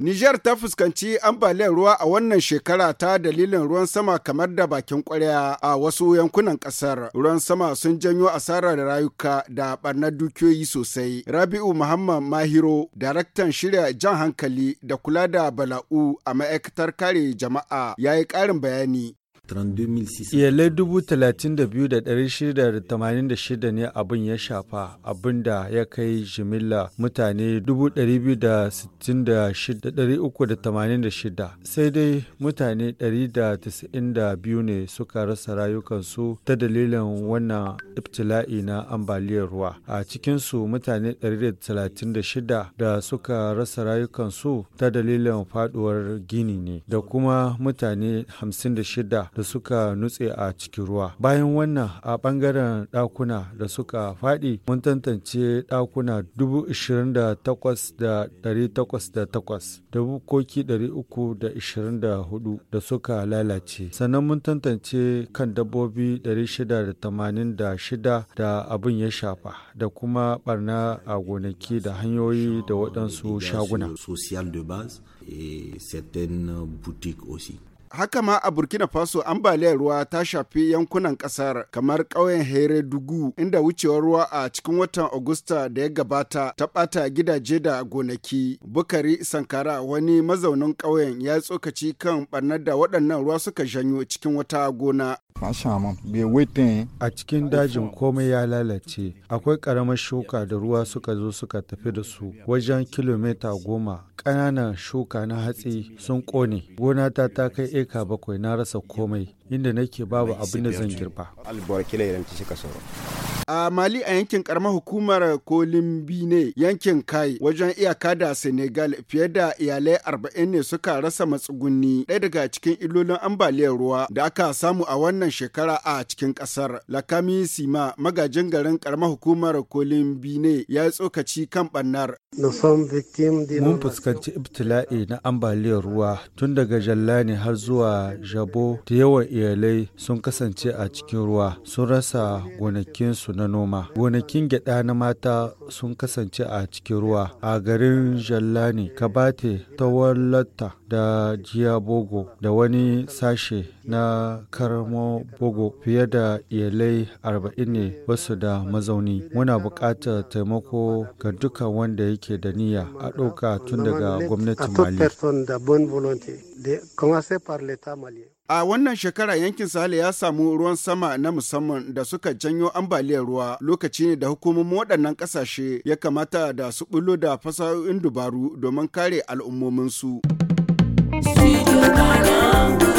Nijar ta fuskanci ambaliyar ruwa a wannan shekara ta dalilin ruwan sama kamar da bakin kwarya a wasu yankunan kasar. Ruwan sama sun janyo asarar rayuka da barnar dukiyoyi sosai. Rabi'u Muhammad Mahiro, daraktan shirya jan hankali da kula da bala'u a ma'aikatar kare jama'a, ya yi ƙarin bayani. iyalai shida ne abin ya shafa abin da ya kai jimilla mutane dubu biyu da da da da uku tamanin shida sai dai mutane da da biyu ne suka rasa rayukansu ta dalilin wannan iftila'i na ambaliyar ruwa a cikinsu mutane dari da talatin da da shida suka rasa rayukansu ta dalilin faduwar gini ne da kuma mutane hamsin da shida. da suka nutse a cikin ruwa. Bayan wannan a ɓangaren ɗakuna da suka faɗi mun tantance ɗakuna ishirin da bukoki 324 da suka lalace. Sannan mun tantance kan dabbobi 686 da abin ya shafa da kuma barna a gonaki da hanyoyi da waɗansu shaguna. Social de base et certaines boutiques aussi. Haka ma a Burkina Faso ambaliyar ruwa ta shafi yankunan kasar kamar ƙauyen Here Dugu inda wucewar ruwa a cikin watan Agusta da ya gabata ta ɓata gidaje da gonaki. Bukari Sankara wani mazaunin ƙauyen ya tsokaci kan ɓarnar da waɗannan ruwa suka janyo cikin wata gona. A cikin dajin komai ya lalace, akwai ƙaramar shuka da ruwa suka zo suka tafi da su wajen kilomita goma ƙananan shuka na hatsi sun ƙone gonata ta kai eka bakwai na rasa komai inda nake babu abin da zan girba a mali a yankin karamar hukumar kolimbine yankin kai wajen iyaka da senegal fiye da iyalai arba'in ne suka rasa matsuguni ɗaya daga cikin ilolin ambaliyar ruwa da aka samu a wannan shekara a cikin ƙasar lakami sima magajin garin karamar hukumar kolimbine ya tsokaci kan bannar. mun fuskanci ibtila'i na ambaliyar ruwa tun daga jallani har zuwa jabo da yawan iyalai sun kasance a cikin ruwa sun rasa gonakinsu na noma. Gonakin gyada na mata sun kasance a cikin ruwa a garin Jallani, Kabate, Tawallata da jiya Bogo da wani sashe na Karamo Bogo fiye da iyalai arba'in ne basu da mazauni. Muna buƙatar taimako ga duka wanda yake da niyya a ɗauka tun daga gwamnatin Mali. A wannan shekara yankin Sale ya samu ruwan sama na musamman da suka janyo ambaliyar ruwa lokaci ne da hukumomin waɗannan ƙasashe ya kamata da su bullo da fasahohin dubaru domin kare al'ummominsu. su.